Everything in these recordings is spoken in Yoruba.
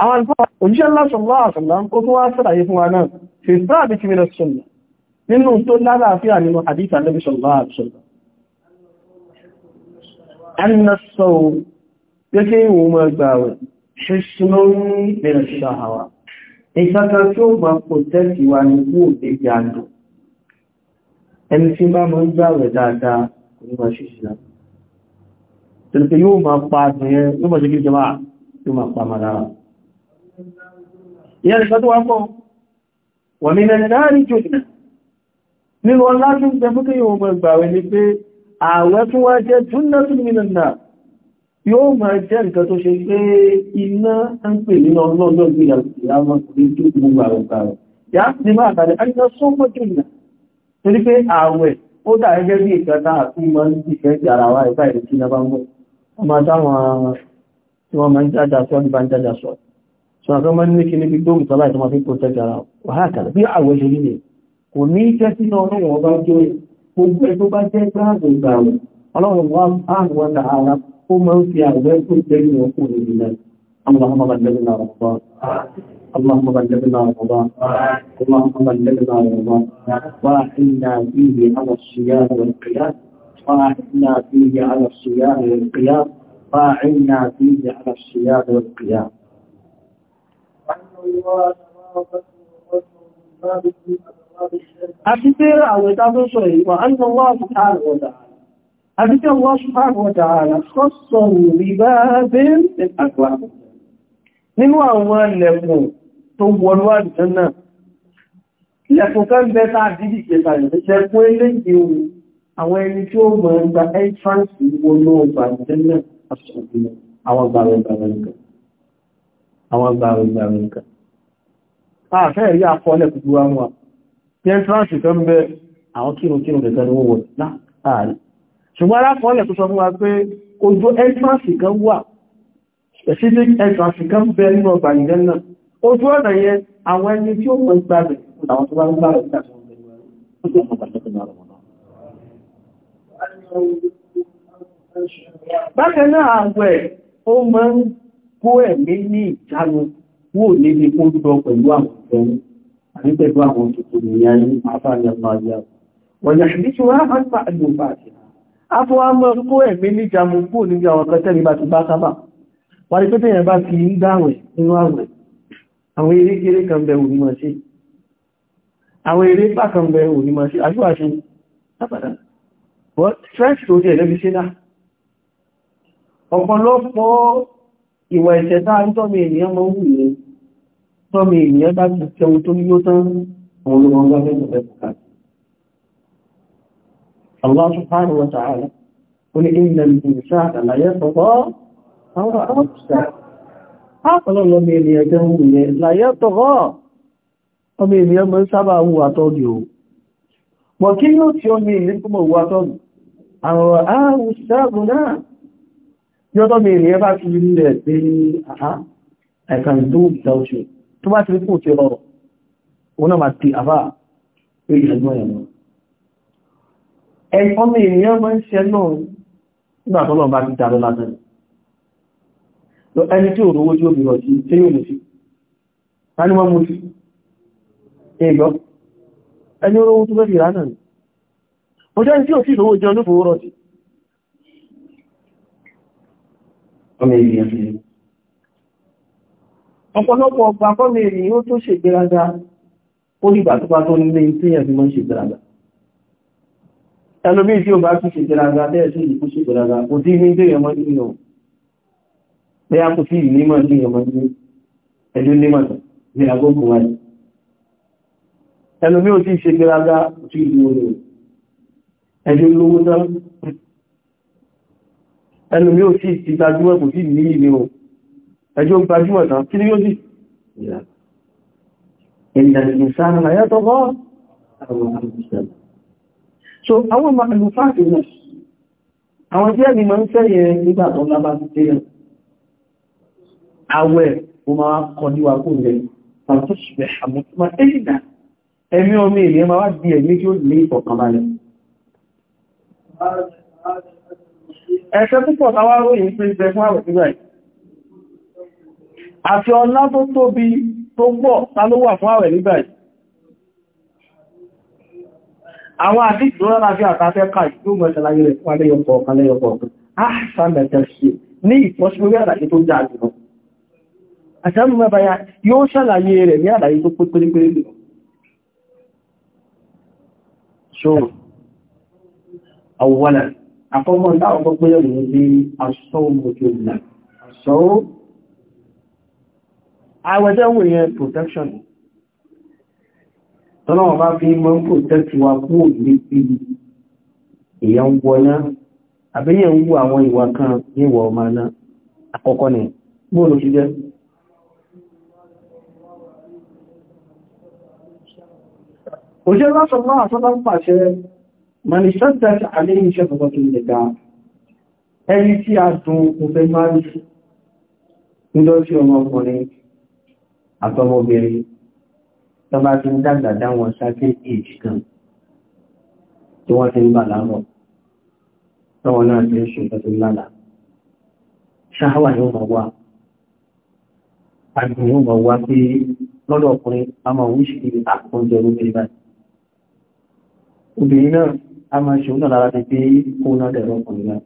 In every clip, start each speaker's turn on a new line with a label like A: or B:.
A: àwọn alfa òjíṣẹ́ lásọ̀lá àṣàlá ó tún wá sàlàyé fún wa náà fi sáàbí ti mìíràn sọ̀lá nínú tó lálàáfíà nínú àdíta lẹ́bí sọ̀lá àṣàlá annasau gẹ́gẹ́ ìwọ̀n mọ́ gbàwẹ̀ ṣíṣínlórí bẹ̀rẹ̀ ṣàhàwà ìkàkà tí ó ẹni tí bá mọ́ gbàwẹ̀ dáadáa kò ní wá ṣíṣínlórí tẹ̀lẹ̀kẹ́ yóò máa pa àtìyẹn yóò máa ṣe kí jẹmáà yóò máa pa màdára ìyá nìkan tó wá pọ̀ wà ní nàìjíríà jò nínú ọlá tó ń jẹ fún kí yóò máa gbàwẹ̀ ní pé ààwẹ̀ tó wá jẹ́ túnná tún nínú náà yóò máa jẹ́ nǹkan tó ṣe pé iná ń pè nínú ọlọ́ọ̀lọ́ ìgbìyànjú àwọn ọkùnrin tó ọmọ táwọn tí wọ́n máa ń jájá sọ ní ń jájá sọ so àkọ́ máa ń ní kí ní bí gbóhùn tọ́lá ìtọ́mọ́ fi protect ara wàhákàlá bí àwọ̀ ṣe rí rẹ̀ kò ní jẹ́ sínú ọlọ́run ọba jẹ́ gbogbo ẹ̀ tó bá jẹ́ gbáàgbò ìgbàwọ̀ ọlọ́run wọn àwọn ọ̀nà ara ó máa ń fi اللهم بلغنا رمضان اللهم بلغنا رمضان واحنا فيه على الصيام والقيام فاعلنا فيه على الصيام والقيام فاعلنا فيه على الصيام والقيام وأن الله سبحانه وتعالى أكثر الله سبحانه وتعالى خص بباب من أكواب من وأول لكم ثم والوالد جنة لكم كان بيتعديد كتاب لكم اللي يقول àwọn ẹni tí ó mọ̀ ẹgbà entrance wọnú ọgbà tẹ́lẹ̀ àṣọ̀bí àwọn gbàrẹ̀gbàrẹ̀ nǹkan àwọn gbàrẹ̀gbàrẹ̀ nǹkan àfẹ́ rí àkọọ́lẹ̀ gbogbo àwọn àti entrance tó ń bẹ àwọn kírùnkírùn kẹta ni wọ́n wọ̀ láàárín ṣùgbọ́n alákọọ́lẹ̀ tó sọ fún wa pé ojú entrance kan wà specific entrance kan bẹ nínú ọgbà ìjẹ́ náà ojú ọ̀nà yẹn àwọn ẹni tí ó mọ̀ gbàgbẹ̀ àwọn tó bá ń gbàgbẹ̀ Bákan náà àwẹ̀ ó máa ń kó ẹ̀mí ní ìjánu wò níbi kó jọ pẹ̀lú àwọn ìfẹ́ni, àní pẹ̀lú àwọn tuntun ní ayé àfáàlẹ̀ Màríà. Wọ̀nyà ṣìdí tí wọ́n á pa ẹ̀lú bá ti rà. A fọ́ a mọ́ kó ẹ̀mí ní ìjánu kó níbi àwọn kan tẹ́lẹ̀ bá ti bá sábà. Wà ní pẹ́tẹ́ yẹn bá ti ń dáwẹ̀ nínú àwẹ̀. Àwọn eré kéré kan bẹ òní mọ̀ sí. Àwọn eré pà kan bẹ òní mọ̀ sí. Àṣíwáṣe, lápàdà french tó jẹ́ lẹ́bí ṣe náà ọ̀pọ̀lọpọ̀ ìwà ẹ̀ṣẹ̀ táa ń tọ́mì ènìyàn mọ́ wù ní tọ́mì ènìyàn bá ti tẹun tó yíó tán àwọn olùmọ̀gbọ́n mẹ́jọ bẹ́ẹ̀ bùkátà Allah subhanahu wa ta'ala قل إن الإنسان لا يطغى أو أبصر أقل الله من يجهون لا يطغى ọmọ ènìyàn mọ́ sábà wù àtọ́gì o mọ̀ kí ní ó tí ọmọ ènìyàn àwọn ààrùn ṣàbùn náà yóò tọ́ bèèrè ẹ bá fi rí rẹ̀ pé àá I can do without you tó bá ti rí kò tí ọrọ̀ òun náà máa ti àbá pé ìṣẹ́gbọ́n ẹ̀mọ́ ẹ̀kọ́ mi ènìyàn máa ń ṣe náà nígbà tọ́lọ̀ bá ti dàrọ látẹ̀ lọ ẹni tí òrówó tí ó bí ọjí tí yóò mú sí ta ni wọ́n mú sí ẹgbọ́ tó fẹ́ fi ránà ni ó jẹ́ tí ò sí ìlówó jẹ́ olúfò rọ̀ sí ọ̀pọ̀lọpọ̀ ọgbà fọ́mọ ènìyàn ó tó ṣègbéraga ó nígbà tó bá tó nílé tí èyàn fi mọ́ ṣègbéraga ẹlòmí tí ó bá tún ṣègbéraga bẹ́ẹ̀ sí ìlú ṣègbéraga kò tí ní ìdíyàn mọ́ nínú bẹ́yà kò sí ìnímọ̀ nínú mọ́ nínú ẹ̀lú nímọ̀ ní agbókùnrin ẹlòmí ò tí ṣègbéraga kò tí ìlú ẹjọ́ lówó náà ẹnu mi ò sí ti gbajúmọ̀ kò sí ní ìlú o ẹjọ́ gbajúmọ̀ tán kí ni yóò sì ìdàgbìsára yàtọ̀ bọ́ so àwọn màálù fáàkì náà àwọn tí ẹni máa ń fẹ́yẹ nígbà tó lábá ti tẹ́yẹ àwẹ̀ o máa kọ níwà ẹ̀yìnà ẹ̀mí omi ìrìn máa wá di ẹ̀mí tí ó lè ìfọ̀kànbalẹ̀ Ẹ̀ṣẹ́ púpọ̀ láwárò yìí pín ìbẹ̀ fún àwẹ̀ sígbà yìí. Àti ọlá tó tóbi tó gbọ́ ta ló wà fún àwẹ̀ nígbà yìí. Àwọn àti ìdúrà láti àtàfẹ́ ká ìlú mẹ́tẹ̀láyé rẹ̀ fún alẹ́yọpọ̀ ọ̀kan lẹ́yọpọ̀ ọ̀kan. Ah, sàmẹ̀tẹ̀ sí ní ìfọ́síwé àlàyé tó jà jùlọ. Àṣẹ́mù mẹ́bàá yóò ṣàlàyé rẹ̀ ní àlàyé tó pé pérépéré lọ. Ṣóòrùn. أولا أقوم الله أقول يومي الصوم جملة الصوم àwẹ̀dẹ́wò yẹn protection tọ́lọ́wọ́ bá fi mọ́ protect wa kúrò ní bí èyàn wọná àbíyàn wú àwọn ìwà kan níwọ̀ ọmọ náà àkọ́kọ́ ni bóòlù ṣe jẹ́ òṣèlú lọ́sọ̀lọ́ àsọ́lọ́ pàṣẹ mani ṣọ́tàṣì àléyìn iṣẹ́ pọ̀pọ̀tí ilẹ̀ ga ẹni tí a dùn òfẹ́ máa rí nílọ́sí ọmọkùnrin àtọmọbìnrin tó bá ti ń dàgbà dáwọn sáté èjì kan tí wọ́n ti ń bà láàrọ̀ tọ́wọ́ náà ti ń ṣùgbọ́n tó lálà ṣáhàwà yóò mọ̀ wá àgbìn yóò mọ̀ wá pé lọ́dọ̀ ọkùnrin a máa ṣe òun lára ti pé kó náà dẹ̀ lọ́kùnrin náà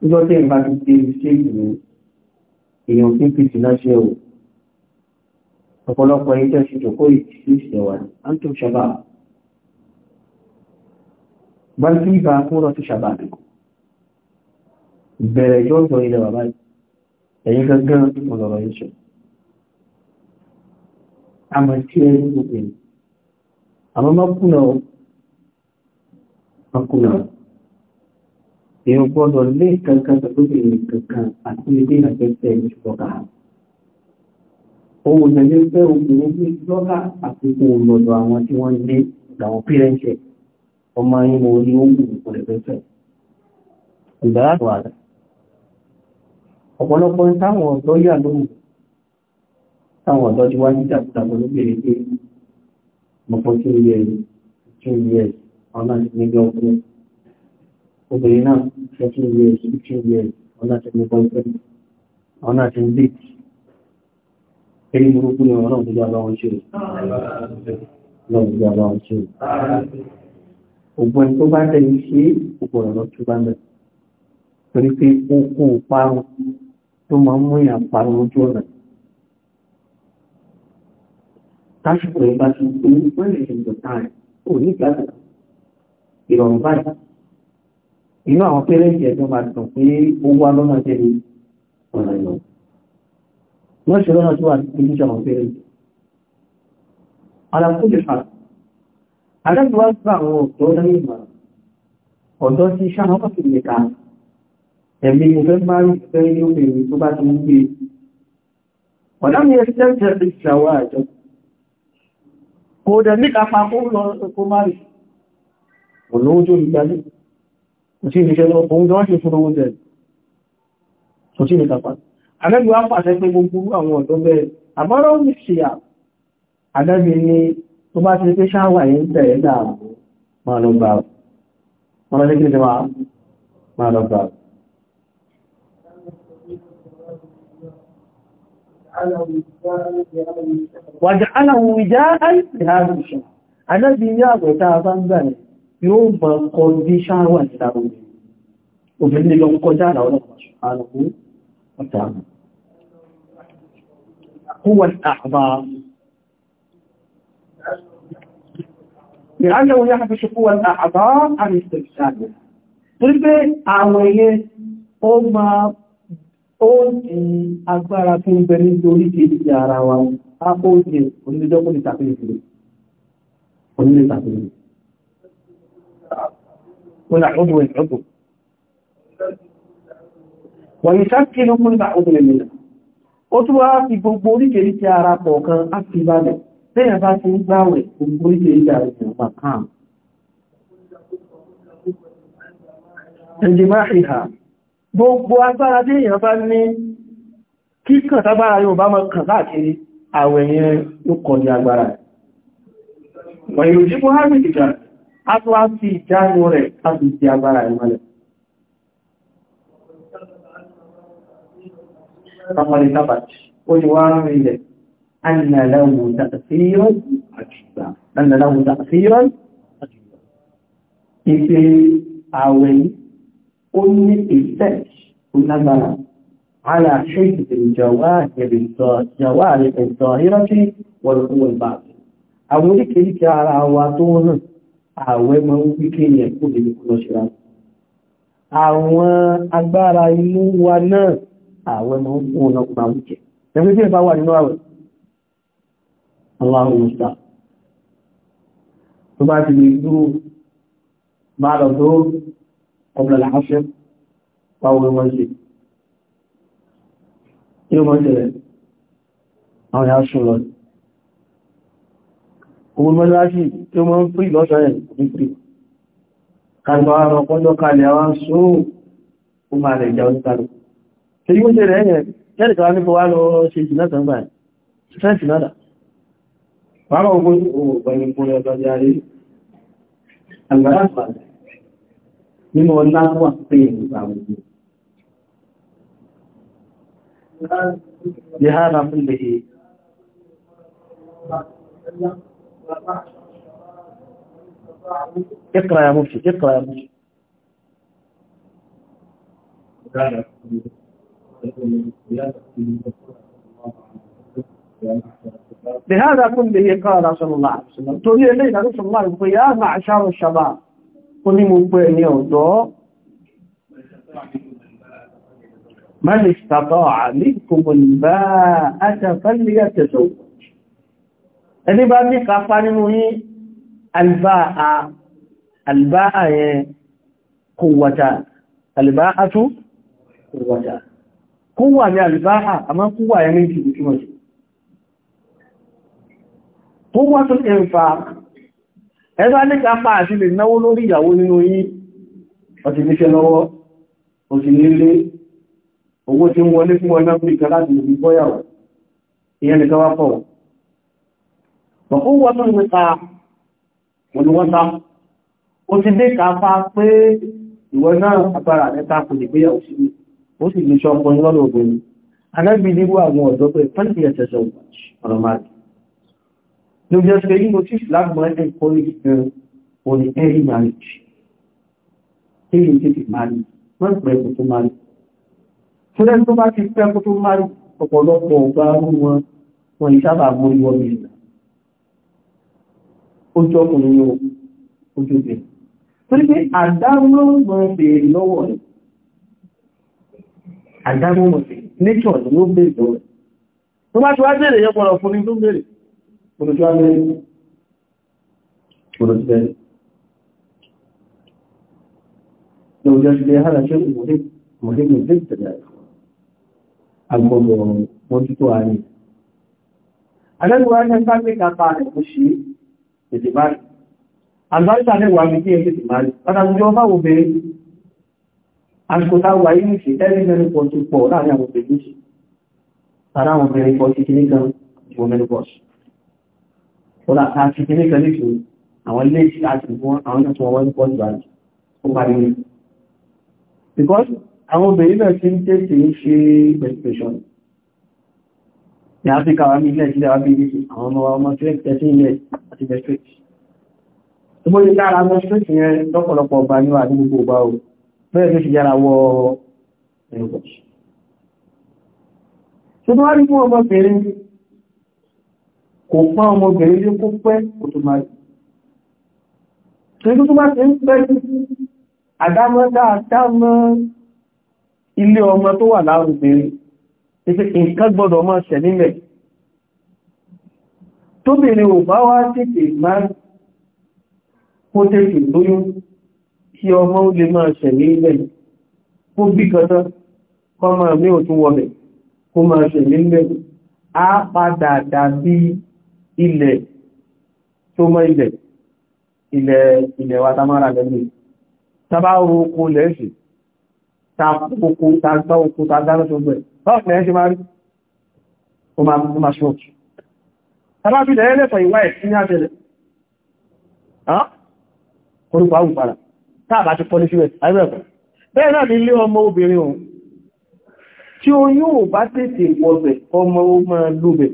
A: níjọ́ tí ìbá ti dé ṣé ìlú èèyàn tí fi sí láṣẹ o ọ̀pọ̀lọpọ̀ ẹni tẹ́ ṣe jòkó ìtìsí ìṣẹ̀wà á ń tó ṣàbà bá ń kíbà fún lọ sí ṣàbà bẹ̀rẹ̀ ìjọ́ ìjọ ilẹ̀ bàbá ẹ̀yìn gangan ọ̀lọ̀rọ̀ yìí ṣe àmọ̀ tí ẹni àwọn mọ́kúnà mọ́kúnà èèyàn gbọ́dọ̀ lé kankan tàbí kankan àti ilé àjẹ́sẹ̀ ìjọba ohun ìjẹ́ pé obìnrin ní lọ́gá àti ohun lọ́dọ̀ àwọn tí wọ́n lé àwọn pírẹ́ǹṣẹ̀ ọmọ yìí mo ní ohun ìpò lẹ́fẹ́fẹ́ ìgbàláàtọ̀ àdá ọ̀pọ̀lọpọ̀ táwọn ọ̀dọ́ yà lóhùn táwọn ọ̀dọ́ ti wá ní dàbùdàbù lóbìnrin mo fọ́ two years two years ọ̀nà nígbà ọkọ obìnrin náà thirteen years fifteen years ọ̀nà àti nígbà ọkọ ọ̀nà àti ń date ẹni burúkú ni ọ̀nà òjò àbá wọn ṣe lọ òjò àbá wọn ṣe ògbọ́n tó bá tẹ̀lé ṣe ògbọ́n ọ̀rọ̀ tó bá mẹ́ torí pé ó kó parun tó máa ń mú ìyàn parun lójú ọ̀nà Tásìkò ìgbà tí ó ń pẹ́ lè táì, ó ní ìgbàgbà. Ìrọ̀rùn báyìí. Inú àwọn pẹ́rẹ́ǹtì ẹ̀jọ́ máa dùn pé ó wá lọ́nà jẹ́ ní ọ̀nà ìlọ. Wọ́n ṣe lọ́nà tó wà ní ìjọ àwọn pẹ́rẹ́ǹtì. Àlàkójì fà. Adájọ́ wá gba àwọn ọ̀dọ́ lẹ́yìn ìgbà. Ọ̀dọ́ ti ṣáná kọ́kì nìka. Ẹ̀mí mo fẹ́ máa ń fẹ́ ní obìnrin tó bá ti ń gbé. Ọ̀dọ́ mi ẹ̀ kò dẹ̀ ní kápá kó lọ kó má rí kò lówó tó rí gbalé kò sí ìrìṣẹ́ lọ òun gan ṣe fúnrowó jẹ kò sí ní kápá alẹ́bí wá ni tó bá ti pé ṣáwà yẹn tẹ̀ẹ́ dáa máa lọ gbà máa lọ واجعله وجاء لهذا الشهر أنا يابو تاظن ذلك يوم بقضي شهر وانتاوي وفي اليوم قضاء لو سبحانه وتعالى هو الأعضاء لأنه يحفش قوة الأعضاء عن استفساده طيب أعوية أمام ó di agbára tó ń bẹ nítorí kìí ara wa ápò òjì onílẹ́jọ́ kó lè tàbílẹ̀ sílẹ̀ onílẹ̀ tàbílẹ̀ wọ́n là ọdún ẹ̀ ọdún wọ́n yìí sákìlú kó nípa ọdún ẹ̀mìnà ó tún wá fi gbogbo oríkèrí ti ara kọ̀ọ̀kan á fi balẹ̀ lẹ́yìn bá ti ń gbáwẹ̀ gbogbo oríkèrí ti ara ìjọba kan ẹ̀jẹ̀ máa gbogbo agbára tí èèyàn bá ní kíkàn tágbára yóò bá mọ́ kàn láàkiri àwẹ̀ yẹn ló kọ̀ ní agbára wọ̀nyí òjíkú hàmì ìjà a tó á fi ìjánu rẹ̀ a fi ti agbára ìmọ̀lẹ̀ ọmọdé ó ní effect ó lágbára على حفظ الجواهر الجواهر الظاهرة والقوة الباطنة àwọn oríkèríkè ara wa tó ń rìn àwẹ́ mọ́ wíkè ní ẹ̀kùn lè kú lọ ṣíra àwọn agbára inú wa náà àwẹ́ mọ́ kú pa wíkẹ̀ ẹgbẹ́ tó قبل العصر طاولة وزي يوم أجل أو يعشر الله Ogun mọ́láṣí tí ó mọ́ ń prí lọ́ṣọ́ ẹ̀ ní prí. Kàgbà àwọn ọkọ́jọ́ kalẹ̀ àwọn sóò ó máa rẹ̀ ìjà onítàrí. Ṣe yíó ṣe rẹ̀ ẹ̀yẹ̀ kẹ́rìkà wá nípa wá lọ ṣe jù náà tàbí ṣẹ́ẹ̀sì náà. Wà nínú ọlá tó wà مرشد ìgbà òjò. مرشد fún ya mọ́fì, ya mọ́fì. بهذا كله قال صلى الله عليه وسلم تريد لي رسول الله عليه وسلم يا معشر الشباب ó ní mo pẹ́ ní ọ̀dọ́ mẹ́lì tàbí àmì kòmò bá àtàfẹ́lẹ̀ àtẹ̀sọ́ ẹni bá ní káfà nínú yí albáà yẹn kòwàtà albáà tó kòwàtà kúwà ní albáà àmá kúwà yẹn méjì ìtumọ̀ sí ẹgbà ní kápá àti lè náwó lórí ìyàwó nínú yí ọ̀tí níṣẹ́ lọ́wọ́ òsì nílé owó tí ń wọlé fún ọjọ́ bí kan láti lè bọ́yàwó ìyẹn nìkan wá pọ̀ bọ̀kú wọ́n tó ń ta olùwọ́ta ó ti dé kápá pé ìwọ náà agbára mẹ́ta kò lè gbéyàwó sí ó sì lè ṣọ́pọ̀ lọ́lọ́ obìnrin anábìlíwọ̀ àwọn ọ̀dọ́ pé pẹ́ntì ẹ̀ṣẹ̀ṣẹ̀ ọ̀rọ̀ máa ló jẹ́ pé ní motif lágbọ́n ẹ̀ kọ́lé ìpẹ̀rẹ̀ for the early marriage tí yìí tètè mari wọ́n pẹ̀ ẹ̀kọ́ tó mari fúnlẹ̀ tó bá ti pẹ́ ẹ̀kọ́ tó mari ọ̀pọ̀lọpọ̀ ọgbà wọn wọn ìsábà mú ìwọ mìíràn ojú ọkùnrin ní ojú bẹ̀rẹ̀ torí pé àdámọ́mọ́ bèèrè lọ́wọ́ rẹ̀ àdámọ́mọ́ bèèrè nature ló bèèrè lọ́wọ́ rẹ̀ tó bá ti wá bèèrè yẹ́ pọ̀lọ̀ fún ní tó bèèrè olójú amẹ́rin olójú bẹ́ẹ̀ ní ojú ọjọ́ hàrá ṣe mọ̀lẹ́gbẹ̀ lẹ́tẹ̀lẹ̀ agbọ́gbọ̀ mọ́jútó ààrẹ alẹ́gbẹ̀wà ní ẹgbẹ́ gbé kàpá ẹ̀kọ́ sí ètè báyìí àgbáríta lẹ́wà mi kí ẹgbẹ́ tìmáàrí pátákùnjọ bá wo bèèrè aṣòta wà inú ìṣẹ́ tẹ́lẹ̀ mẹ́rin pọ̀ tó pọ̀ láàrin àwọn obìnrin tara àwọn obìnrin pọ̀ sí kìnnìkan ìwọ̀n mẹ́rin pọ̀ sí ọ̀rọ̀ àti kìíní kan ní ṣe àwọn ilé tí a ti fún àwọn tó wọ́n ń pọ̀jù àti ó parí ní because àwọn obìnrin náà ti ń tètè ń ṣe presentation ní áfíríkà wà ní ilẹ̀ ìjìnlẹ̀ wà bí i àwọn ọmọ ọmọ tí ó tẹ́sí ilẹ̀ àti mestrate tó bó ní lára mestrate yẹn lọ́pọ̀lọpọ̀ ọba ní wà ní gbogbo ọba o bẹ́ẹ̀ tó ṣe yára wọ ẹ̀rọ̀pọ̀ kò pán ọmọbìnrin lé kó pẹ́ kò tó máa rí tó bá ti ń pẹ́ àdámọ́ dáadámọ́ ilé ọmọ tó wà láàrùbìnrin ìfẹ́ nǹkan gbọ́dọ̀ máa ṣẹ̀ nílẹ̀ tóbìnrin ò bá wá tètè máa kó tètè lóyún kí ọmọ ó lè máa ṣẹ̀ nílẹ̀ kó bí kọjọ́ kọ́ máa mí ò tún wọlẹ̀ kó máa ṣẹ̀ nílẹ̀ á padà dàbí ilẹ̀ tó mọ́ ilẹ̀ ilẹ̀ wa tamára lẹ́nu tàbá orúkú lẹ́ẹ̀ṣì tàbókú tàbókú tàbára tó gbẹ̀ tọ́pù lẹ́ẹ̀ṣì máa rí o máa ṣọ́ọ̀kì tàbá fi lẹ́ẹ̀lẹ́fẹ̀ ìwá ẹ̀ sí ní àtẹ́lẹ̀ orúkú àwùpàrà tàbá ti pọ́lé sí bẹ́ẹ̀ náà ni ilé ọmọ obìnrin ohun tí oyún ò bá tètè wọ́bẹ̀ ọmọ ó máa lóbẹ̀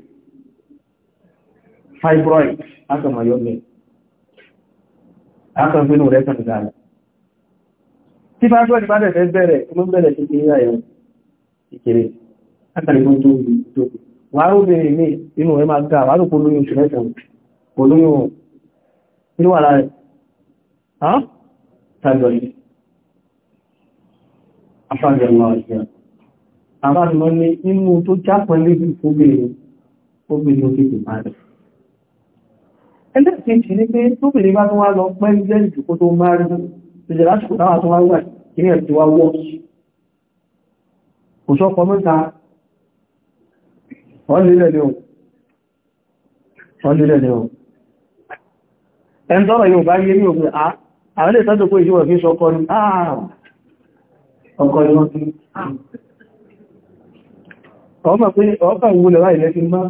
A: fibroid aka mayo ne aka fi nure kan gala tí fibroid bá dẹ̀ bẹ̀rẹ̀ ló bẹ̀rẹ̀ sí kí yíya yẹn ìkéré aka nìkan tó bí tó wà ó bèèrè ní inú ẹ máa ga wà ló polóyún oṣù mẹ́sàn polóyún inú wà láàrẹ̀ inú tó jápọ̀ ní ìfúgbèrè ó gbèrè ó kéèkéè rẹ̀ ẹlẹ́kẹ̀ẹ́kì ní pé tóbìnrí bá tún wá lọ pẹ́ ilẹ̀ tó máa rí ìjẹ̀ lásìkò náà tó wáyé kí ní ẹ̀tù wá wọ́ọ̀sì kò sọ pọ̀ mẹ́ta ah, pé ìjọ́ ẹ̀fí sọkọ ní ọkọ̀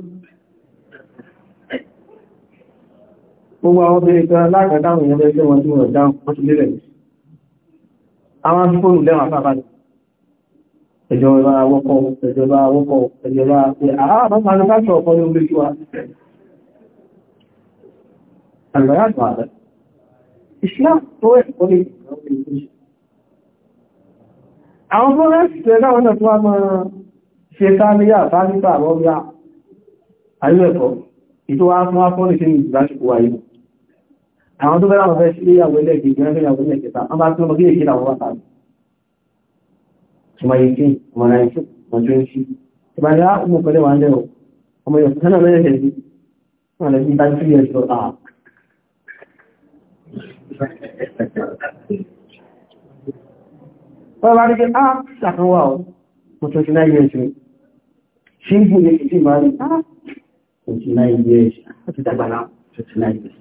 A: gbogbo àwọn obìnrin kan láàrín àwọn ẹgbẹ́ wọn tí wọ́n dáhùn wọ́n ti lélẹ̀ àwọn fóònù lẹ́wọ̀n àpapàdé ìjọba awọ́kọ̀ ìjọba awọ́kọ̀ ìjọba àwọn manufacturer ọkọ̀ ní orí wa àgbàyàtọ̀ ààrẹ Islam tó ẹ̀kọ́ ní àwọn fọ́rẹ́sì tẹ́lá wọn náà tó wá máa ṣe káàlìyà fánípa àwọn ọgbà ayúẹ̀kọ́ ìtọ́wà fún afọ́nìṣẹ́ ìgbàṣùkú ayé àwọn tó bẹ́rẹ̀ ọ̀fẹ́ sí ìyàwó ilẹ̀ ìgbìyàn ìyàwó ilẹ̀ ìkẹta wọ́n bá tún ọmọ kíyèkí làwọn wà tàbí ọmọ yìí ọmọ náà ìṣú ọjọ́ ìṣú ìbàdí àkùnmù pẹ̀lú wà ń lẹ́rọ ọmọ yóò tánà mẹ́rin ẹ̀rí wọn lè fi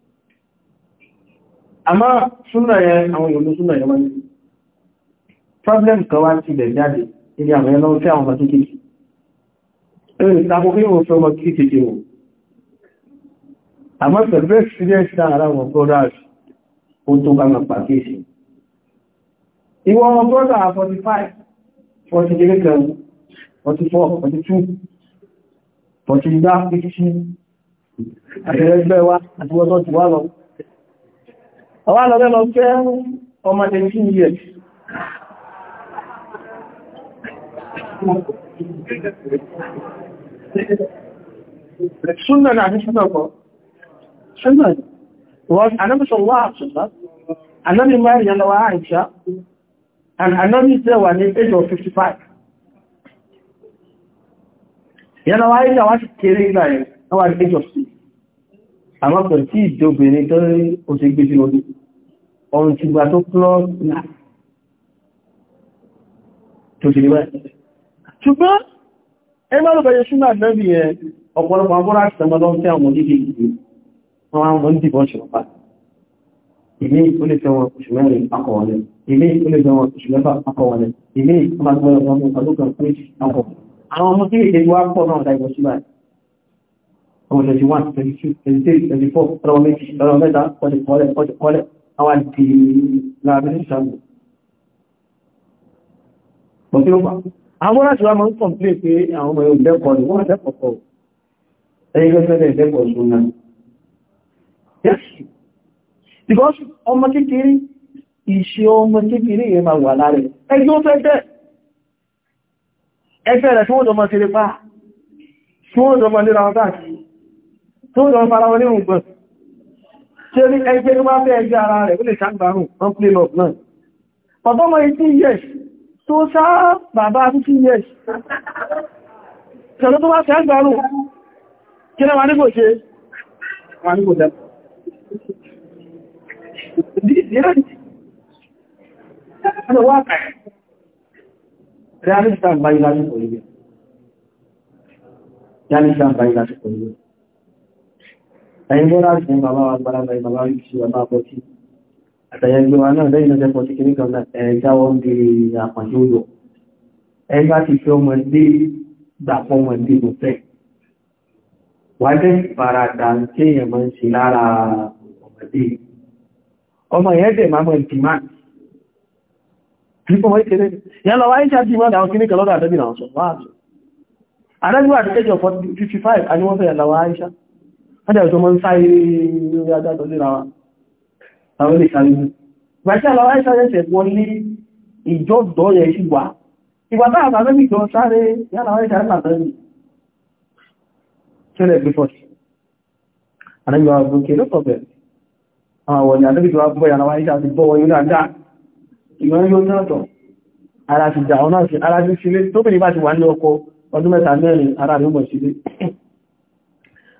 A: àmá súnà yẹn àwọn ìlú súnà yẹn wáyé problem kan wá ti bẹ̀ jáde ilé àwọn ẹlọ́wọ́ tí àwọn ọmọdé kéèkì ẹ̀rìn ìtàkùn kí fẹ́ ọmọ kéèkèé wò àmọ́ pẹ̀lú experience náà ara àwọn alọ́rẹ́ lọ fẹ́ ọmọ 18 years súnà náà ní súnà kọ́ súnà wọ́n anábìsọ̀ wà àtúnbá anábì márùn yẹn lọ́wọ́ àìṣá and anábì tẹ́ wà ní age of 55 yẹn lọ́wọ́ àìṣá wá sí kéré ìgbà yẹn wọ́n wà ní age of 6 àwọn pẹ̀lú tí ìjọbìnrin tó rí oṣègbè sí lọ́dún ọrùn ti gbà tó na tó ṣe níwẹ̀. ṣùgbọ́n ẹgbẹ́ alùbẹ̀yẹ ṣúnà lẹ́bí ẹ ọ̀pọ̀lọpọ̀ agbóra ti tẹmọ́ lọ́n tẹ́ àwọn oníkè ìgbé wọn wọ́n dìbọn ṣe ọ̀pá ilé ìpínlẹ̀ tẹ́wọ̀n oṣù mẹ́rin akọ̀wọ̀lẹ̀ ilé ìpínlẹ̀ tẹ́wọ̀n oṣù mẹ́fà akọ̀wọ̀lẹ̀ ilé ìpínlẹ̀ tẹ́wọ̀n oṣù mẹ́fà akọ̀wọ̀lẹ̀ àwọn àti láàrin ìṣàlù bọ̀tí ó bá àwọn láti wá máa ń kọ̀m̀plé pé àwọn ọmọ yóò dẹ́kọ̀ọ́ ní wọ́n dẹ́kọ̀ọ́ ẹ̀yìn lọ́sẹ̀lẹ̀ dẹ́kọ̀ọ́ ṣúná because ọmọ kékeré ìṣe ọmọ kékeré yẹn máa wà láàrẹ ẹgbẹ́ fẹ́ bẹ́ ẹgbẹ́ rẹ̀ tí wọ́n jọ máa ṣe lè pa tí wọ́n jọ máa lè ra ọgá tí wọ́n fara wọn nínú gbọ́n ṣe rí ẹgbẹ́ ló máa fẹ́ ẹgbẹ́ ara rẹ̀ ó lè ṣàgbàrùn on play love náà bàbá 18 years tó sá bàbá 15 years ṣẹ̀lú tó bá ṣàgbàrùn kí lẹ́wà ní kò ṣe wà ní kò jẹ́ Realista ń bá kò ní kò ẹ̀yìnbọ́lá ṣe bàbá wa gbàlagbà ìbàbá ìṣẹ́ bàbá pọ̀tí àtàyẹgbẹ́ wa náà lẹ́yìn lọ́jẹ́ pọ̀tí kìrí kan ẹ̀ẹ́jáwọ́ ń bèèrè àpàjẹ́ òyò ẹgbá ti fi ọmọ ilé dàpọ̀ ọmọ ilé kò fẹ́ wájẹ́ ìfaradà tí èèyàn máa ń ṣe lára ọmọdé ọmọ yẹn dẹ̀ máa mọ̀ ìdìmá nípa wọ́n kéré yẹn lọ wáyé ṣáà dìmá àwọn kìnnìkan lọ́dọ̀ àdẹ́bìnà ọ̀sọ̀ wáàtò àdẹ́bìnà àdẹ́bìnà 45 àníwọ́fẹ́ yà lọ wáyé ṣáà Ẹ́dẹ̀ tó tó léra wa, àwọn olè sáré mú. Bàtí àlọ́wà ìsárẹ́sẹ̀ wọ́n Ìgbọ́n yóò náà tọ̀. Ara ti dà ọ náà sí, ara ti sílé, tó bìnrin bá ti wà ní ọkọ̀ ọdún mẹ́ta mẹ́rin, ara rẹ̀ mọ̀ sílé.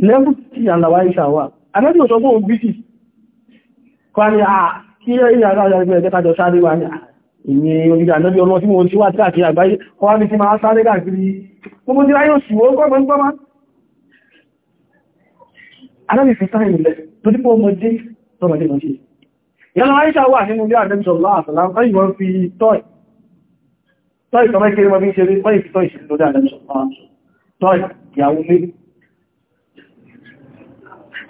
A: level tí àlàwà ìṣà wà àmẹ́bí ò sọgbọ́n bíkì kọ́ ni à ah, kí ẹ̀yìn àgbàjọ ẹgbẹ́ ẹgbẹ́tajọ sáré wà ní ìyẹn orílẹ̀ àjọ́bí ọmọ tí mo ti wà tí àgbáyé ọwá ní ti máa sáré káàkiri bí ṣe rí tọ́ì fi tọ́ì lórí àjọ́bí sọ̀rọ̀ ìyàwó méjì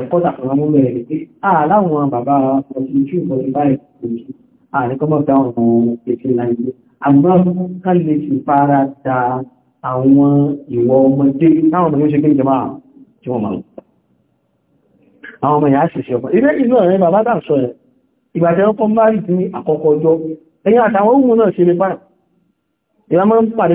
A: ẹ̀kọ́ tàbí mú àwọn ìwọ ọmọdé táwọn ọmọ ṣe gbé jẹmọ́ tí wọ́n máa àwọn ọmọ ìyá ṣiṣẹ́ ọmọ ilé ìlú ọ̀rẹ́ bàbá dà sọ ẹ̀ ìgbà tẹ́ ọkọ̀ márì sí àkọ́kọ́ ọjọ́ ẹ̀yìn àtàwọn ohun náà ṣe lè pàdé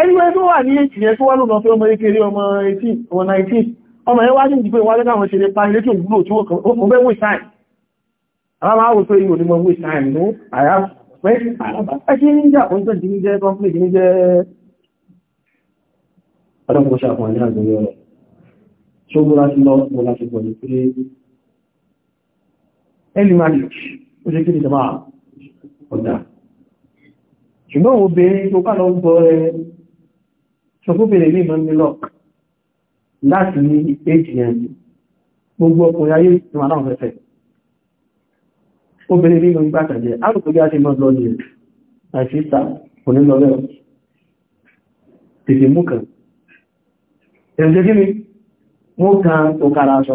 A: ẹniwẹ́ tó wà ní èkì yẹn tó wá lónà fẹ́ ọmọ ekere ọmọ 18 ọmọ 19 ọmọ ẹwà ní ìdìbò ìwádẹ́ káwọn ṣe lè pa ilé tí ò gúrò tí ó fẹ́ wé sáì àwọn máa wò pé ìwò ní mọ wé sáì mú àyà pẹ́ ẹkí ní jà oúnjẹ ti ní jẹ́ conflict ní jẹ́ ọdọ́kọ̀ ṣàfihàn ní àgbẹ̀yẹ rẹ̀ tí ó múra sí lọ múra sí pọ̀lú pé early marriage ó ṣe kí ni jama ọ̀dà ṣùgbọ́n obìnrin tó kà lọ gbọ́ ẹ ṣọkúbìnrin ní ìmọ̀ nílọ láti ní èjì yẹn gbogbo ọkùnrin ayé ìwọ̀n aláwọ̀ fẹ́fẹ́ obìnrin ní ìmọ̀ ìgbàtàjẹ́ alùpù bí a ṣe mọ́ lọ ní àìsíta onílọ́lẹ́ tètè mú kan ẹ̀rùjẹ́ kí ni mú kan òkàrà aṣọ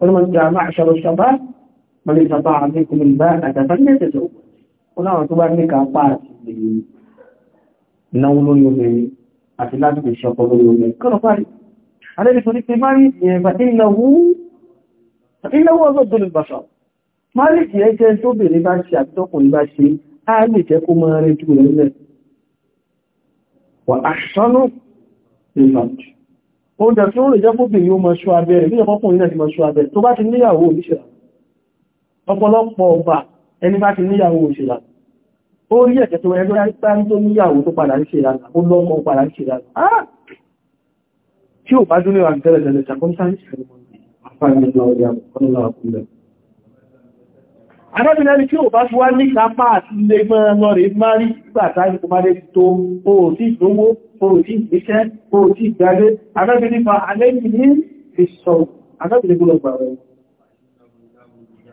A: ولمن جاء معشر الشباب من استطاع منكم الباءة فليتزوج ولما تبان لك أباس نول يومي أفلات بالشقل يومي كل فاري على الفريق المالي فإنه فإنه أضد للبشر مالك يجي توبي لباشي أتوق لباشي أهلي تكو ماري تقول وأحسن للفرج oúnjẹ tí ó lè jẹ́ fóbìn yóò mọ̀ ṣọ́ abẹ́ rẹ̀ ní ọkùnrin náà ti mọ̀ ṣọ́ abẹ́ tó bá ti níyàwó òṣèlá ọ̀pọ̀lọpọ̀ ọba ẹni bá ti níyàwó òṣèlá ó rí ẹ̀kẹ́ tó ẹgbẹ́ rárí tó níyàwó tó padà ń ṣe ìlànà ó lọ́kọ padà ń ṣe ìlànà tí ò bá dúnlẹ̀ wà ní tẹ́lẹ̀ tẹ́lẹ̀ arábìnrin tí ó bá ti wá ní kápá àti ilé mọ́ra lọ rí máa rí gbàtà ní kòmáré tó oòtí ìdówó oòtí ìgbésẹ́ oòtí ìgbàgbé arábìnrin fa alẹ́bìn ní ìṣọ́ arábìnrin gbọ́lọ̀ gbà rẹ̀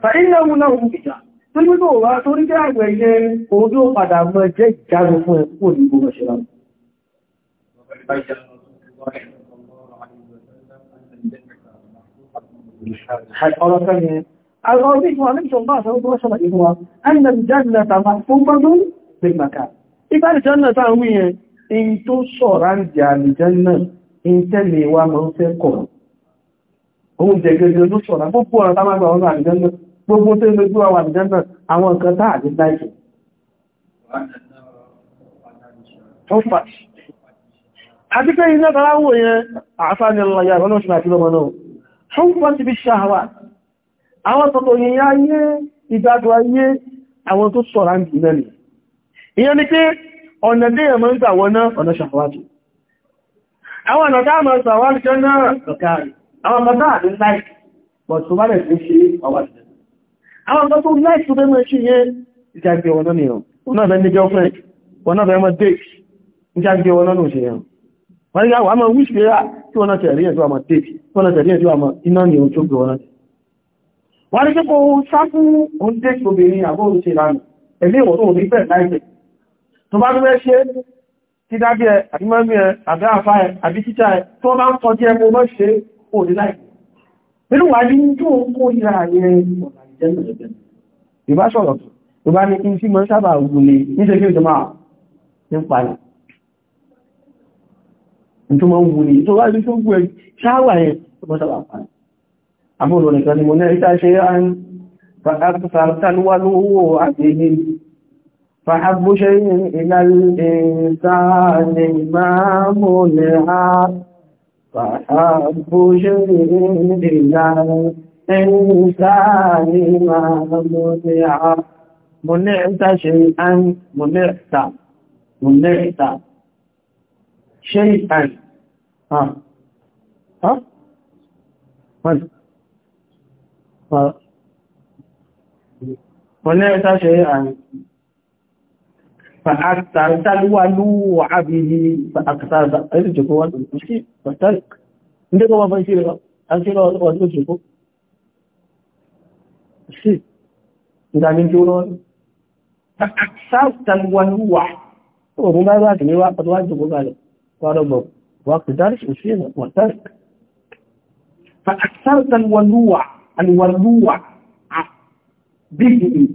A: fa ilẹ̀ ohun náà ohun ìjà tó ní tó wá tó rí jẹ́ àgbẹ̀ ilẹ̀ ojú padà mọ́ jẹ́ ìjánu fún ẹ̀kú ní الغربي هو نبي الله صلى الله عليه وسلم أن الجنة محفوظة بالمكان إذا الجنة تعوية إن تصور عن الجنة إن تلي ومن في القرى هو جيجي تصور عن بقوة تمام ومن عن الجنة gbogbo tó lè gbọ́ àwọn àjẹ́mẹ̀ àwọn nǹkan tàà àti dáìsì àti pé iná tàà wò yẹn àfáàni ọlọ́yà ọlọ́ṣùn àti lọ́mọ náà ṣùgbọ́n ti bí ṣáhàwà àwọn tọ̀tọ̀ yìnyìn ayé ìdájọ́ ayé àwọn tó sọ̀rọ̀ ń bí mẹ́lì ìyẹn ni pé ọ̀nà dé ẹ̀mọ́ ń gbà wọ́n náà ọ̀nà ṣàwájú àwọn ọ̀nà táàmà ṣàwájú jẹ́ náà ọ̀kàrí àwọn ọmọ náà ní láìkì bọ̀ tó bá lẹ̀ fi ṣe ọwájú àwọn ọmọ tó láìkì tó bẹ́ mọ́ ṣe yẹn ìjàgbé wọn náà nìyàn wọn náà bẹ́ ní girlfriend wọn náà bẹ́ mọ́ wọ́n ní kíkò sáfún oúnjẹ obìnrin àbóòrùn ṣe ìlànà ẹ̀lé ìwọ̀n tó ní pẹ̀ láìpẹ̀ tó bá gbẹ́ ṣe tí dábí ẹ àdímọ́mí ẹ àdáàfá ẹ àbí títà ẹ tó bá ń tọ́jú ẹ mọ́ ṣe òní láìpẹ̀ nínú wà ní tó ń kó ìrà ayẹ ìbá sọ̀rọ̀ mọ́ sábà wùlé ní pàdà nítorí wọ́n wùlé tó wá ṣáwà yẹn tó mọ́ sábà pàdà àbúrò nìkan ni mo ní ìta ṣe án fàákùsàtàlúwàlúwò àtìhì fàábúṣe ìlàlẹ́sáàlì máa mú lè ha fàábúṣe ìlàlẹ́sáàlì máa mú lè ha mo ní ìta ṣe án mo ní ìta mo ní ìta ṣe ìta ha ha ha وليس شيئا فأكثرت الولو عبه فأكثرت أرجك والمشكي فاحترق عندك ما فنسير أنسير وأرجك الشيء إذا من جورون فأكثرت الولو وما ذاك لي وقت واجب وقال وربك وقت ذلك الشيء واحترق فأكثرت الولوع الولوع به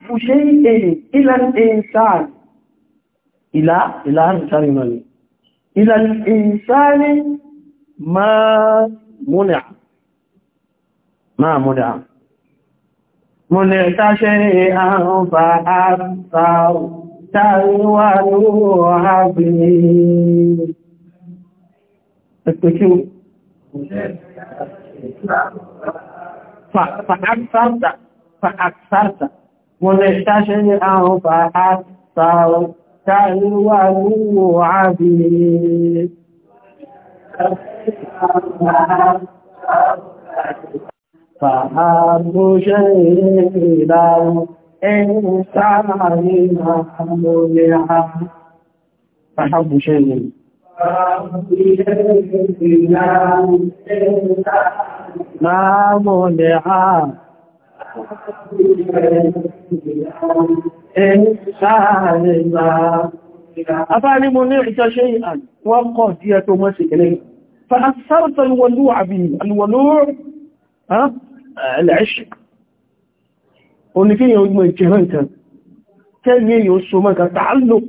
A: بشيء إلى الإنسان إلى إلى الإنسان مالي إلى الإنسان ما منع ما منع منعت شيئا فأبصر تلوى به التكيو فأكثرت فأكثرت مستشرعا فأكثر كالولوع به فأب شيء له إنسان ما فحب شيء Máàmùlẹ̀há Ẹ̀ṣàrẹ̀lá Afárí mo ní ìjọ ṣe ìhàn wọ́n kọ̀ sí ẹ tó mọ́ sí kìlẹ̀. Fàṣàrùtà alwọ̀lú àbí alwọ̀lú ẹ̀lẹ́ṣìk. Oníkíyàn ogun ìjẹ̀rẹ̀ ìtàn, kẹ́ ni yóò so mọ́ nǹkan, tààlùk,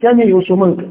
A: kẹ́ ni yóò so mọ́ nǹkan.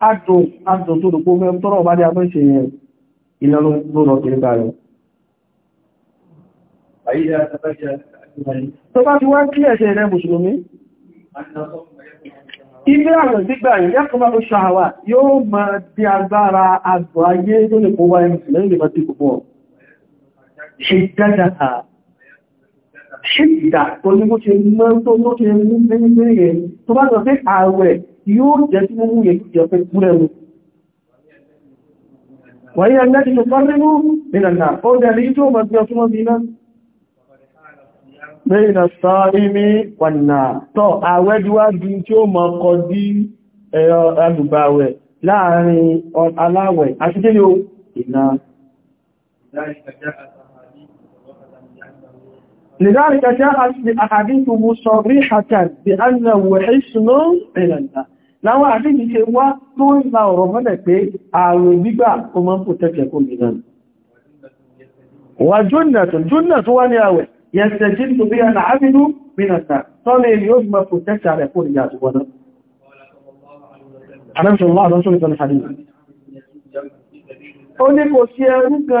A: adùn adùn tó dùn gbogbo ẹmú tọ́rọ bá dé abẹ́ ṣe yẹn ìlànà ló lọ kiri bá rẹ̀ tó bá ti wá kí ẹ̀ṣẹ̀ rẹ̀ mùsùlùmí ilé àwọn gbígbà yìí yẹ́ kọmọ́ oṣù àwà yóò ma di agbára àgbà ayé tó lè kó wá ẹmùsùlùmí lè máa ti kò pọ̀ ṣe dáadáa ṣe ìdà tó ní bó ṣe mọ́ tó ló ṣe mú mẹ́rin mẹ́rin tó bá sọ pé ààwẹ̀ yóò jẹ́ mú yẹ kúrẹ̀ mú wáyé aláti tó fárẹ́ mú nínàlá ó dẹ̀ tó bá gbẹ́ súnmọ́ bíná bẹ́ẹ̀nà sọ́ọ́rímí wànà tọ́ tí ó mọ́ kọ dí láàrin aláwẹ̀ àti لذلك جاءت بأحاديث مصريحة بأنه حسن إلى الله láwọn àdíjì ṣe wá tó ń la ọ̀rọ̀ mọ́lẹ̀ pé ààrùn gbígbà o máa ń pò tẹ́kẹ̀ kó lè náà wà jùnnàtún jùnnàtún wá ní àwẹ̀ yẹ̀sẹ̀ jí tó bí ẹ̀nà àbínú mínàtà tọ́lẹ̀ yóò máa pò tẹ́kẹ̀ rẹ̀ kó lè yàtọ̀ wọ́n náà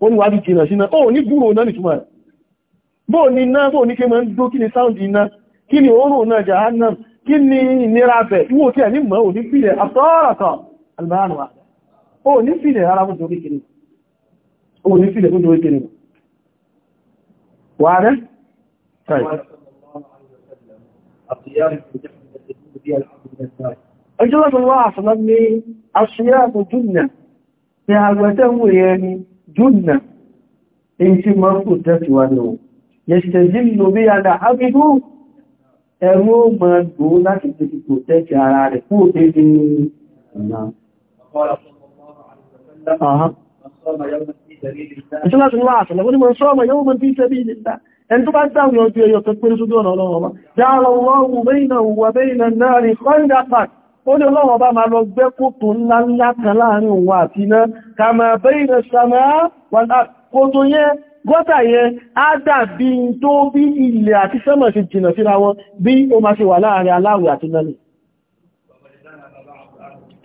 A: wọ́n ni wà ní jìnà síná ó ní gúrò náà nìtúmà bó ní iná tó ní kí mọ́ ń dó kí ni sáúndì iná kí ni oòrùn náà jahannam kí ni ìnira bẹ̀ wó tí ẹ̀ ní mọ́ ò ní fílẹ̀ àtọ́rọ̀tọ̀ albanuwa ó ní fílẹ̀ ara àṣọ́lọ́ ní aṣíyà àpòjú nà ní ń wòye ẹni jùnà èyí tí ma ń kò tẹ́tùwà ní o yẹ̀ṣẹ̀dí ló bí yàdà ábìdú ẹ̀rọ ma gbò láti fi kò tẹ́tù ara rẹ̀ kú òtébí ẹni tó bá dáwọn ọjọ́ ẹyọ tó pẹ́rẹ́ sójú ọ̀nà ọlọ́wọ́ bá dáwọn ọlọ́wọ́ bẹ́ẹ̀nà wà bẹ́ẹ̀nà náà rí kọ́ ìdápàá ó ní ọlọ́wọ́ bá máa lọ gbẹ́ kòtò ńláńlá kan láàrin òun àti iná ká máa bẹ́ ìrẹ̀ sàmà kòtò yẹ gọ́tà yẹ á dàbí tó bí ilẹ̀ àti sẹ́mọ̀ sí jìnà síra wọn bí ó máa ṣe wà láàrin aláwẹ̀ àti náà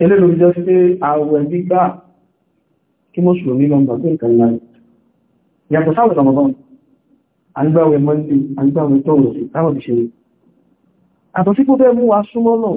A: eléyìí jẹ́ sí àwẹ̀ gbígbà kí mùsùlùmí lọ gbàgbé àgbàwẹ̀ Monday àgbàwẹ̀ tọ́wọ̀ táwọn ìṣẹ́lẹ̀ àtọ̀ kó fẹ́ mú wa súnmọ́ náà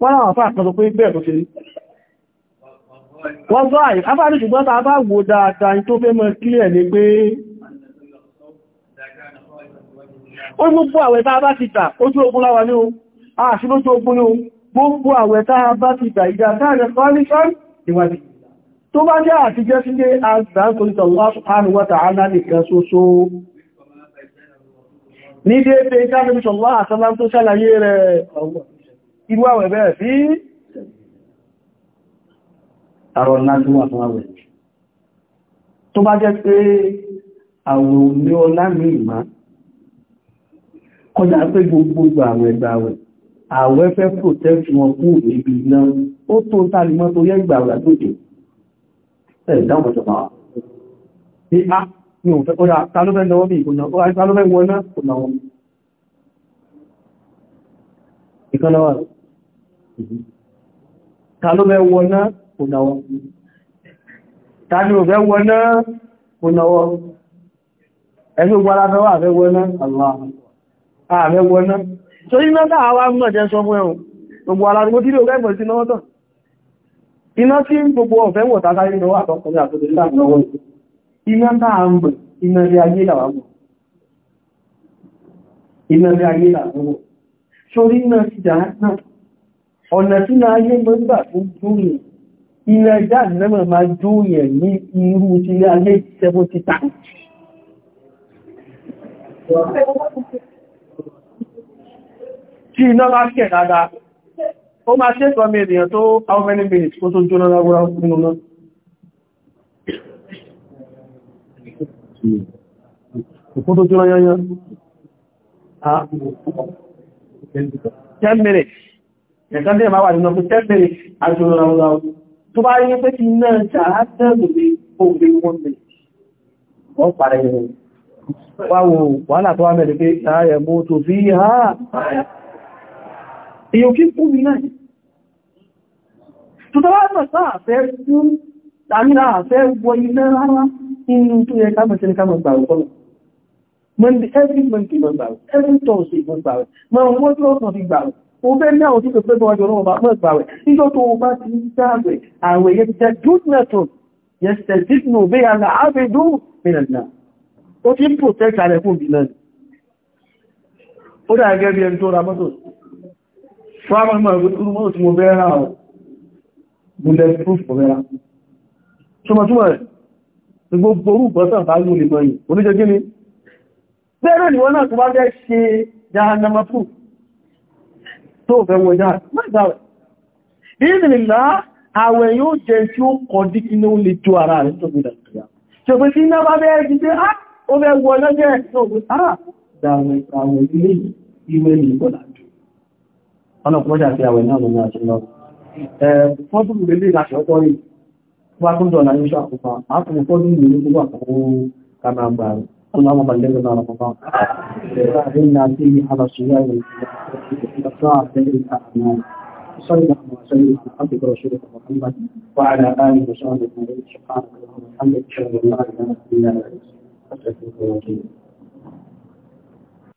A: wọ́n láwọn àfáà kan sọ pé bẹ́ẹ̀ tó ṣe rí wọ́n zọ́ àì afáàrí ṣùgbọ́n ta bá wo dáadáa tó fẹ́ mọ́ kílẹ̀ ní pé ó gbogbo àwẹ̀ tá bá ti tà ojú ogun láwa ní ohun àṣí lójú ogun ní ohun gbogbo àwẹ̀ tá bá ti tà ìjà táàrẹ kọ́líṣọ́n ìwádìí tó bá jẹ́ àti jẹ́ sílé àgbàǹkòlítọ̀ ní déédéé ìjábẹ̀mí sọ̀lá àtàlá tó ṣàlàyé rẹ̀ ọ̀wọ̀ irú àwẹ̀ bẹ́ẹ̀ sí àrọ̀ látíwà fún àwẹ̀ tó bá jẹ́ pé àwẹ̀ olé ọlá ní ìmá kọjá pé gbogbo àwẹ̀ gbàwẹ̀ àwẹ̀ fẹ́ protect wọn kú níbi náà ó tó ń tàbí mọ́ tó yẹ́ ìgbàwẹ̀ àtòjò ẹ̀dáwọn ọ̀sọ̀pá ní á lọ́wọ́ ta ló fẹ́ wọná kò náwọ́ ta ni ò fẹ́ wọná kò náwọ́ ẹni gbára fẹ́ wà fẹ́ wọná ààrẹ wọná so iná náà wá mọ̀ jẹ́ sọ fún ẹ̀hùn gbogbo aládùgbò tí ó gẹ́gbẹ̀ sí lọ́wọ́tọ̀ iná tí gbogbo ọ̀fẹ́ wọ̀ tátàrí lọ́wọ́ àtọkùnrin àtọkùnrin láàrín lọ́wọ́ iná táà ń bẹ̀ iná rí ayé làwàgbọ̀ ọ̀nà tí náà ayé mọ́ gbà fún júyẹ̀ ilẹ̀ ẹja ìrẹ́mọ̀ máa júyẹ̀ ní irú ti ayé 70 times tí iná bá kẹ̀ dáadáa ó máa ṣe sọ mẹ́rin tó how many minutes kó tó jóná lágbóra nínú náà kó tó jóná yányán 10 ah. minutes ẹ̀kan tẹ́ máa wà nínú ọkùn tẹ́fẹ́ àjòrànláwò tó bá rí pé kí náà ṣàrá tẹ́lùmí ògbé wọ́n lè wọ́n parẹ́ yẹn wáwo wàhálà tó wá mẹ́rin pé ṣàárẹ̀ mú tó fi ha èyàn kí fún mi náà tó tọ́wọ́ mọ̀ sáà fẹ́ fún àmìnà àfẹ́ mọ̀ gbàrù gbàrù every Thursday mọ̀ mọ̀ wọ́n ọ̀sán fi gbàrù Obe ní àwọn tí kò fẹ́ bọ́ ọjọ́ ọlọ́wọ́ bá mọ́ ìgbàwẹ̀. Níjọ́ tó bá ti ń dáàbẹ̀, àwẹ̀ yẹ ti jẹ́ Júdnẹ̀tùn, yẹ ṣẹ̀ dìtnù bí i àlà ábẹ̀dú mìírànlá. Ó ti ń protect ààrẹ fún ìbí náà. Ó dà gẹ́gẹ́ bí ẹni tó ra mọ́tò. Fáwọn ọmọ ìgbẹ̀rún mọ́ tó fẹ́ wọ ìjà mẹ́gbàwẹ̀ ìrìnlá àwẹ̀ yóò jẹ tí ó kọ dí kí ní ó lè tó ara rẹ̀ tó gbìdà kìyà tí ó pé tí iná bá bẹ́ẹ̀ ti pé á ah, ó fẹ́ wọ lọ́jẹ́ ẹ̀ẹ́ Wa tún dọ̀nà ní ṣàkùnfà, a kùnfọ́dún ìlú gbogbo àkọ́kọ́ kanáà gbà rẹ̀. اللهم بلغنا رمضان وأعلنا فيه على صيام وطاعة الأعمال صلى الله وسلم على عبدك ورسولك محمد وعلى آله وصحبه أجمعين سبحانك اللهم وبحمدك أشهد أن لا إله إلا أنت أستغفرك وأتوب إليك